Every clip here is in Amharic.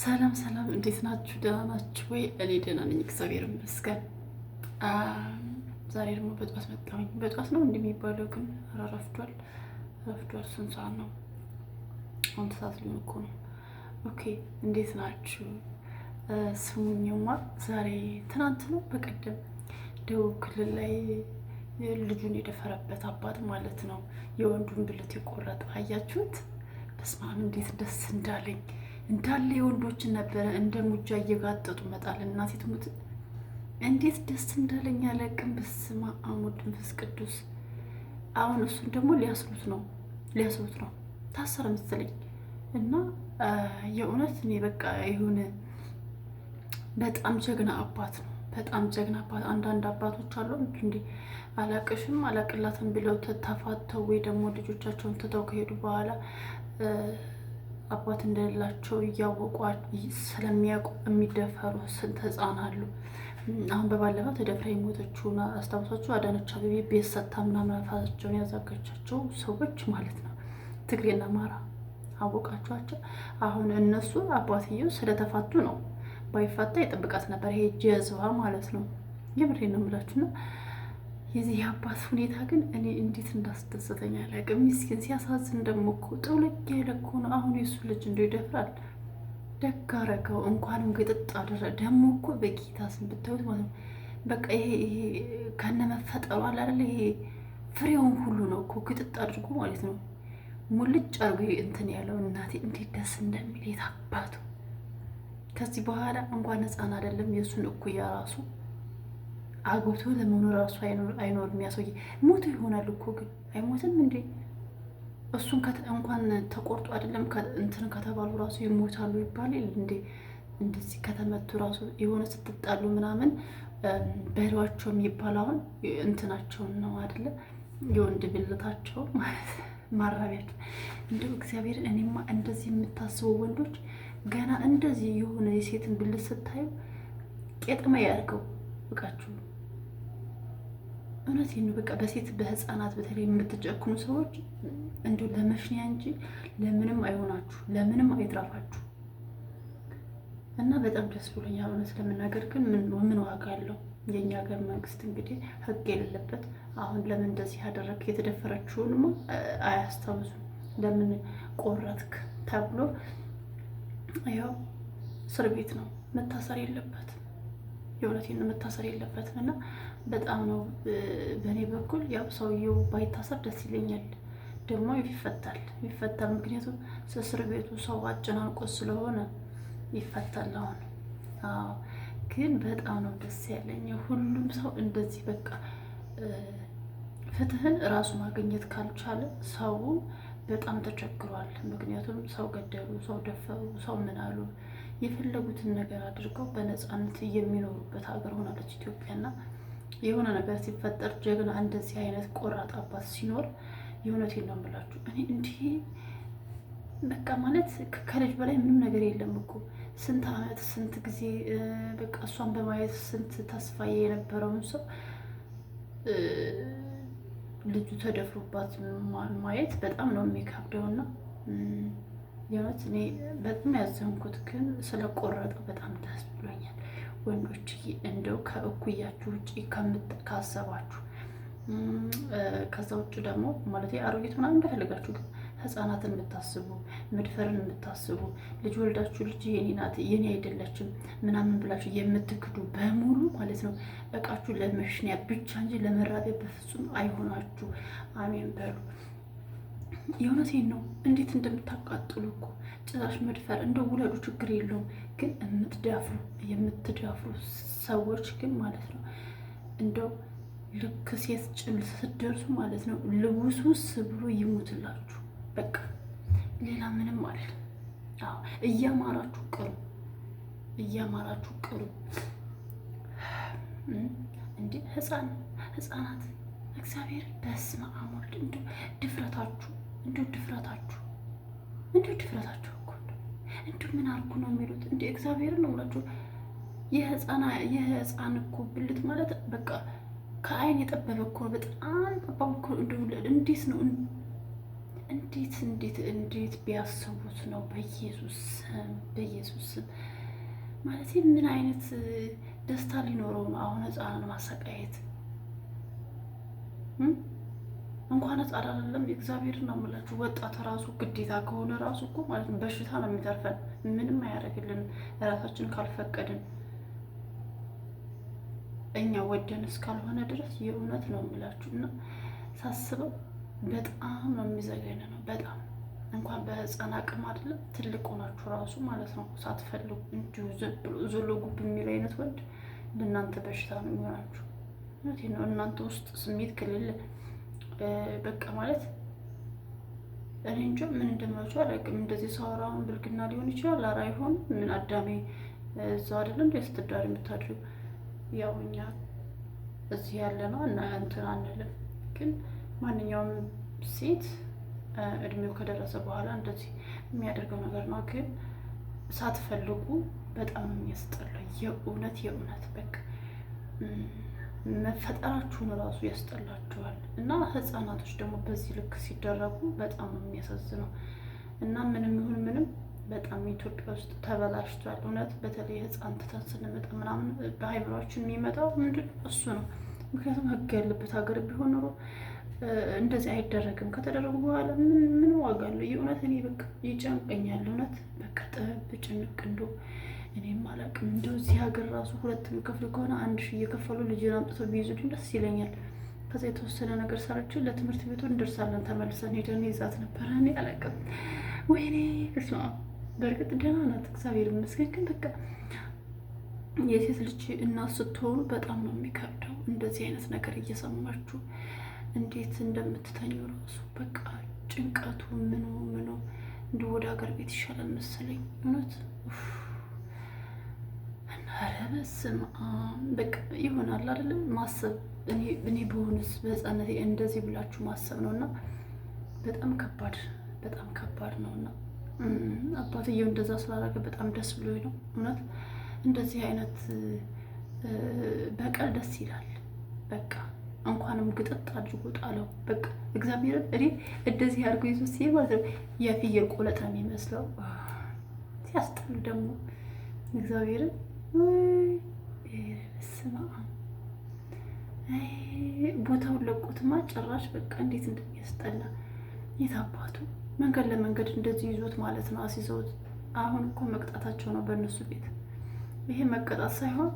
ሰላም ሰላም፣ እንዴት ናችሁ? ደህና ናችሁ ወይ? እኔ ደህና ነኝ፣ እግዚአብሔር ይመስገን። ዛሬ ደግሞ በጧት መጣሁኝ። በጧት ነው እንደሚባለው ግን ረፍዷል፣ ረፍዷል። ስንት ሰዓት ነው? አንድ ሰዓት ሊሆን እኮ ነው። ኦኬ፣ እንዴት ናችሁ? ስሙኝማ፣ ዛሬ ትናንት ነው በቀደም ደቡብ ክልል ላይ ልጁን የደፈረበት አባት ማለት ነው የወንዱን ብልት የቆረጠ አያችሁት? በስመ አብ እንዴት ደስ እንዳለኝ እንዳለ የወንዶችን ነበረ እንደ ሙጃ እየጋጠጡ መጣል እና ሙት እንዴት ደስ እንዳለኝ ያለቅም። በስመ አብ ወወልድ ቅዱስ። አሁን እሱን ደግሞ ሊያስሩት ነው ሊያስሩት ነው። ታሰረ መሰለኝ እና የእውነት እኔ በቃ ይሁን በጣም ጀግና አባት ነው። በጣም ጀግና አባት። አንዳንድ አባቶች አሉ እንዲ አላቅሽም አላቅላትም ብለው ተፋተው ወይ ደግሞ ልጆቻቸውን ትተው ከሄዱ በኋላ አባት እንደሌላቸው እያወቁ ስለሚያውቁ የሚደፈሩ ስንት ህፃን አሉ። አሁን በባለፈው ተደፍራ የሞተችውን አስታውሳችሁ አዳነች አቤቤ ቤት ሰታ ምናምን አፋቸውን ያዘጋቻቸው ሰዎች ማለት ነው። ትግሬና አማራ አወቃችኋቸው። አሁን እነሱ አባትየው ስለተፋቱ ነው። ባይፋታ የጥብቃት ነበር ይሄ ጀዝባ ማለት ነው። የምሬ ነው የምላችሁ ነው የዚህ የአባት ሁኔታ ግን እኔ እንዴት እንዳስደሰተኝ አላውቅም። ምስኪን ሲያሳዝን ደግሞ እኮ ጥውልቅ ያለ እኮ ነው። አሁን የእሱ ልጅ እንደ ይደፍራል። ደግ አደረገው። እንኳንም ግጥጥ አደረ። ደግሞ እኮ በጌታ ስም ብታዩት ማለት ነው በቃ ይሄ ይሄ ከነ መፈጠሩ አላለ ይሄ ፍሬውን ሁሉ ነው እኮ ግጥጥ አድርጎ ማለት ነው ሙልጭ አድርጎ እንትን ያለው እናቴ እንዴት ደስ እንደሚል የት አባቱ ከዚህ በኋላ እንኳን ህፃን አይደለም የእሱን እኩያ ራሱ አግብቶ ለመኖር ራሱ አይኖርም። ያሰውዬ ሞቶ ይሆናል እኮ ግን አይሞትም እንዴ? እሱን እንኳን ተቆርጦ አይደለም እንትን ከተባሉ ራሱ ይሞታሉ ይባል እንዴ? እንደዚህ ከተመቱ ራሱ የሆነ ስትጣሉ ምናምን በህሏቸው የሚባል አሁን እንትናቸውን ነው አደለ? የወንድ ብልታቸው ማለት ማራቢያቸው። እንደው እግዚአብሔር እኔማ እንደዚህ የምታስቡ ወንዶች ገና እንደዚህ የሆነ የሴትን ብልት ስታዩ ቄጥማ ያርገው እቃችሁ። እውነት ነው። በቃ በሴት በህፃናት በተለይ የምትጨክኑ ሰዎች እንዲሁ ለመሽኛ እንጂ ለምንም አይሆናችሁ፣ ለምንም አይጥራፋችሁ እና በጣም ደስ ብሎኛል። እውነት ለመናገር ግን ምን ዋጋ አለው? የእኛ ሀገር መንግስት እንግዲህ ህግ የሌለበት አሁን ለምን እንደዚህ ያደረግ የተደፈረችውንማ አያስታውሱም። ለምን ቆረጥክ ተብሎ ያው እስር ቤት ነው መታሰር የለበትም። የእውነቴን ነው መታሰር የለበትም እና በጣም ነው በእኔ በኩል ያው ሰውየው ባይታሰር ደስ ይለኛል። ደግሞ ይፈታል ይፈታል። ምክንያቱም እስር ቤቱ ሰው አጨናንቆ ስለሆነ ይፈታል። አሁን አዎ፣ ግን በጣም ነው ደስ ያለኝ። ሁሉም ሰው እንደዚህ በቃ ፍትህን እራሱ ማግኘት ካልቻለ ሰው በጣም ተቸግሯል። ምክንያቱም ሰው ገደሉ፣ ሰው ደፈሩ፣ ሰው ምን አሉ የፈለጉትን ነገር አድርገው በነፃነት የሚኖሩበት ሀገር ሆናለች ኢትዮጵያና የሆነ ነገር ሲፈጠር ጀግና እንደዚህ አይነት ቆራጥ አባት ሲኖር የእውነቴን ነው የምላችሁ። እኔ እንዲህ በቃ ማለት ከልጅ በላይ ምንም ነገር የለም እኮ ስንት አመት ስንት ጊዜ በቃ እሷን በማየት ስንት ተስፋዬ የነበረውን ሰው ልጁ ተደፍሮባት ማየት በጣም ነው የሚከብደውና የእውነት እኔ በጣም ያዘንኩት ግን ስለቆረጠው በጣም ደስ ብሎኛል። ወንዶች እንደው ከእኩያችሁ ውጭ ካሰባችሁ ከዛ ውጭ ደግሞ ማለት አሮጌት ምናምን እንደፈለጋችሁ ግን ህፃናትን የምታስቡ መድፈርን የምታስቡ ልጅ ወልዳችሁ ልጅ የኔ ናት የኔ አይደለችም ምናምን ብላችሁ የምትክዱ በሙሉ ማለት ነው እቃችሁ ለመሽኒያ ብቻ እንጂ ለመራቢያ በፍጹም አይሆናችሁ። አሜን በሉ። የእውነቴን ነው። እንዴት እንደምታቃጥሉ እኮ ጭራሽ መድፈር እንደ ውለዱ፣ ችግር የለውም ግን የምትዳፍሩ የምትዳፍሩ ሰዎች ግን ማለት ነው እንደው ልክ ሴት ጭን ስትደርሱ ማለት ነው ልውሱ ስብሎ ይሙትላችሁ። በቃ ሌላ ምንም አለ። እያማራችሁ ቅሩ፣ እያማራችሁ ቅሩ። እንደ ህፃን ህፃናት እግዚአብሔር በስመ አብ ወልድ፣ እንዲሁ ድፍረታችሁ፣ እንዲሁ ድፍረታችሁ፣ እንዲሁ ድፍረታችሁ እንዲሁ ምን አልኩ ነው የሚሉት። እንደ እግዚአብሔር ነው ብላችሁ የህፃን እኮ ብልት ማለት በቃ ከአይን የጠበበ እኮ በጣም ጠባብ እኮ እንዴት ነው እንዴት እንዴት እንዴት ቢያስቡት ነው? በኢየሱስ ስም በኢየሱስ ስም ማለት ምን አይነት ደስታ ሊኖረው ነው? አሁን ህፃንን ማሰቃየት እንኳን ህጻን አይደለም እግዚአብሔር ነው የምላችሁ። ወጣት ራሱ ግዴታ ከሆነ ራሱ እኮ ማለት ነው በሽታ ነው የሚተርፈን፣ ምንም አያደርግልን ራሳችን ካልፈቀድን እኛ ወደን እስካልሆነ ድረስ የእውነት ነው የምላችሁ። እና ሳስበው በጣም ነው የሚዘገነ ነው በጣም እንኳን በህፃን አቅም አይደለም ትልቅ ሆናችሁ ራሱ ማለት ነው ሳትፈልጉ እንዲሁ ዘሎ ጉብ የሚል አይነት ወንድ ለእናንተ በሽታ ነው የሚሆናችሁ። እውነቴን ነው እናንተ ውስጥ ስሜት ክልል በቃ ማለት እኔ እንጂ ምን እንደምላችሁ አላውቅም። እንደዚህ ሳወራውን ብልግና ሊሆን ይችላል። አራ ይሆን ምን አዳሜ እዛው አይደለም እንደ ስትዳር የምታድሪው ያው እኛ እዚህ ያለ ነው እና እንትን አንልም። ግን ማንኛውም ሴት እድሜው ከደረሰ በኋላ እንደዚህ የሚያደርገው ነገር ነው። ግን ሳትፈልጉ በጣም የሚያስጠላ የእውነት የእውነት በቃ መፈጠራችሁን እራሱ ያስጠላችኋል። እና ህፃናቶች ደግሞ በዚህ ልክ ሲደረጉ በጣም ነው የሚያሳዝነው። እና ምንም ይሁን ምንም በጣም ኢትዮጵያ ውስጥ ተበላሽቷል። እውነት በተለይ ህፃን ትተን ስንመጣ ምናምን በሀይምሯችን የሚመጣው ምንድን እሱ ነው። ምክንያቱም ህግ ያለበት ሀገር ቢሆን ኖሮ እንደዚህ አይደረግም። ከተደረጉ በኋላ ምን ዋጋ አለው? የእውነት እኔ በቃ ይጨንቀኛል። እውነት በቃ ጥብብ ጭንቅ እንዶ እኔም አላውቅም። እንደው እዚህ ሀገር ራሱ ሁለት የሚከፍል ከሆነ አንድ ሺህ እየከፈሉ ልጅን አምጥተው ቢይዙልኝ ደስ ይለኛል። ከዛ የተወሰነ ነገር ሰራችሁ ለትምህርት ቤቱ እንደርሳለን። ተመልሰን ሄደን ይዛት ነበረ። እኔ አላውቅም። ወይኔ እርሷ በእርግጥ ደህና ናት፣ እግዚአብሔር ይመስገን። ግን በቃ የሴት ልጅ እናት ስትሆኑ በጣም ነው የሚከብደው። እንደዚህ አይነት ነገር እየሰማችሁ እንዴት እንደምትተኙ ራሱ በቃ ጭንቀቱ ምኑ ምኑ እንደ ወደ ሀገር ቤት ይሻላል መሰለኝ እውነት ኧረ በስመ አብ በቃ ይሆናል አይደለም ማሰብ እኔ በሆንስ በህፃነቴ እንደዚህ ብላችሁ ማሰብ ነው እና በጣም ከባድ በጣም ከባድ ነው እና አባትየው እንደዛ ስላደረገ በጣም ደስ ብሎ ነው እውነት እንደዚህ አይነት በቀል ደስ ይላል በቃ እንኳንም ግጥጥ አድርጎ ጣለው በቃ እግዚአብሔር እኔ እንደዚህ አድርጎ ይዞ ሲሄድ ማለት ነው የፍየል ቆለጥ ነው የሚመስለው ሲያስጠሉ ደግሞ እግዚአብሔርን ቦታውን ለቆትማ ጭራሽ በቃ እንዴት እንደሚያስጠላ የት አባቱ መንገድ ለመንገድ እንደዚህ ይዞት ማለት ነው አስይዘውት። አሁን እኮ መቅጣታቸው ነው በእነሱ ቤት። ይሄ መቀጣት ሳይሆን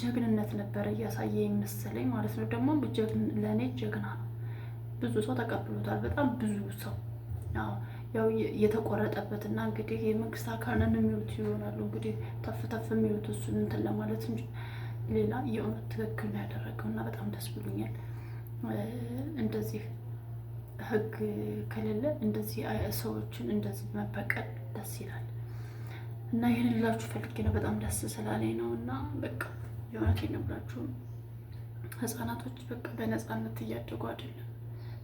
ጀግንነት ነበረ እያሳየ የመሰለኝ ማለት ነው። ደግሞ ለእኔ ጀግና ነው። ብዙ ሰው ተቀብሎታል። በጣም ብዙ ሰው ያው የተቆረጠበትና እንግዲህ የመንግስት አካልን የሚሉት ይሆናሉ እንግዲህ ተፍ ተፍ የሚሉት እሱን እንትን ለማለት እንጂ ሌላ የእውነት ትክክል ነው ያደረገው እና በጣም ደስ ብሎኛል። እንደዚህ ህግ ከሌለ እንደዚህ ሰዎችን እንደዚህ መበቀል ደስ ይላል እና ይህን ልላችሁ ፈልጌ ነው። በጣም ደስ ስላለኝ ነው እና በቃ የእውነቴን የነብላችሁ ህጻናቶች በቃ በነፃነት እያደጉ አይደለም፣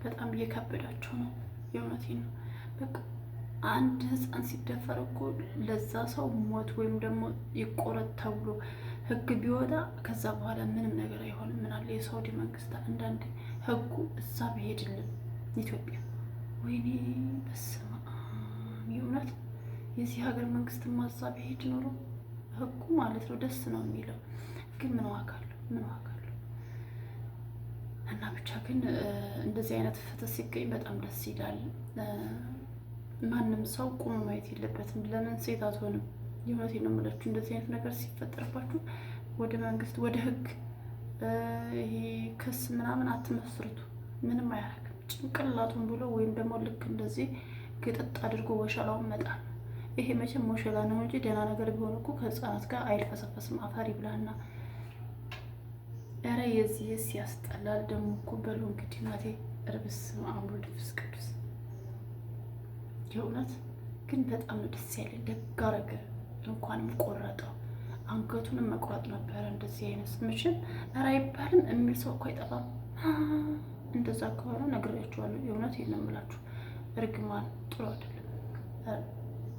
በጣም እየከበዳቸው ነው። የእውነቴን ነው በቃ አንድ ህፃን ሲደፈር እኮ ለዛ ሰው ሞት ወይም ደግሞ ይቆረጥ ተብሎ ህግ ቢወጣ ከዛ በኋላ ምንም ነገር አይሆንም። ምናለ የሳውዲ መንግስት አንዳንድ ህጉ እዛ በሄድልን ኢትዮጵያ ወይኔ በስመ አብ የዚህ ሀገር መንግስት ማዛ ቢሄድ ኖሮ ህጉ ማለት ነው ደስ ነው የሚለው ግን ምን ዋጋለሁ ምን ዋጋለሁ። እና ብቻ ግን እንደዚህ አይነት ፍትህ ሲገኝ በጣም ደስ ይላል። ማንም ሰው ቆሞ ማየት የለበትም። ለምን ሴት አትሆንም? የእውነቴ ነው የምላችሁ። እንደዚህ አይነት ነገር ሲፈጠርባችሁ ወደ መንግስት፣ ወደ ህግ ይሄ ክስ ምናምን አትመስርቱ። ምንም አያረግም። ጭንቅላቱን ብሎ ወይም ደግሞ ልክ እንደዚህ ግጥጥ አድርጎ ወሸላውን መጣል ይሄ መቼም ወሸላ ነው እንጂ ደህና ነገር ቢሆን እኮ ከህፃናት ጋር አይልፈሰፈስም። አፈር ይብላና ኧረ የዚህ ሲያስጠላል። ደግሞ እኮ በሉ እንግዲህ እናቴ እርብስ ድፍስ ቅዱስ የእውነት ግን በጣም ደስ ያለኝ። ደግ አደረገ። እንኳንም ቆረጠው። አንገቱንም መቁረጥ ነበረ እንደዚህ አይነት ምሽል ኧረ አይባልም የሚል ሰው እኮ አይጠፋም። እንደዛ ከሆነ ነግሬያችኋለሁ። የእውነት ይሄን እምላችሁ እርግማን ጥሩ አይደለም።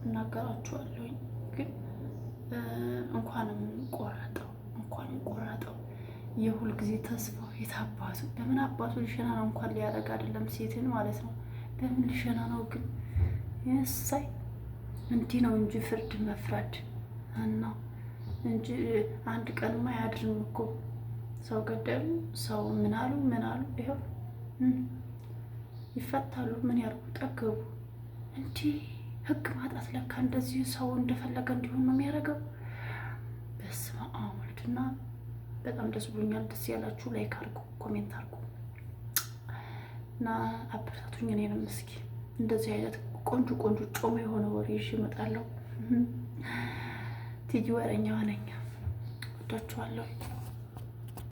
እናገራችኋለሁኝ ግን እንኳንም ቆረጠው፣ እንኳንም ቆረጠው። የሁል ጊዜ ተስፋው የት በምን አባቱ ልሸና ነው? እንኳን ሊያደርግ አይደለም ሴትን ማለት ነው። በምን ልሸና ነው ግን ያሳይ እንዲህ ነው እንጂ ፍርድ መፍረድ እና እንጂ አንድ ቀንማ አያድርም እኮ ሰው ገደሉ፣ ሰው ምናሉ አሉ፣ ይኸው ይፈታሉ። ምን ያርጉ ጠገቡ። እንዲህ ህግ ማጣት ለካ እንደዚህ ሰው እንደፈለገ እንዲሆን ነው የሚያደርገው። በስመ አብ በጣም ደስ ብሎኛል። ደስ ያላችሁ ላይክ አርጉ፣ ኮሜንት አርጉ እና አበረታቱኝ እኔንም እስኪ እንደዚህ አይነት ቆንጆ ቆንጆ ጮም የሆነ ወሬ ይዤ እመጣለሁ። ቲጂ ወረኛ ሆነኛ ወዳችኋለሁ።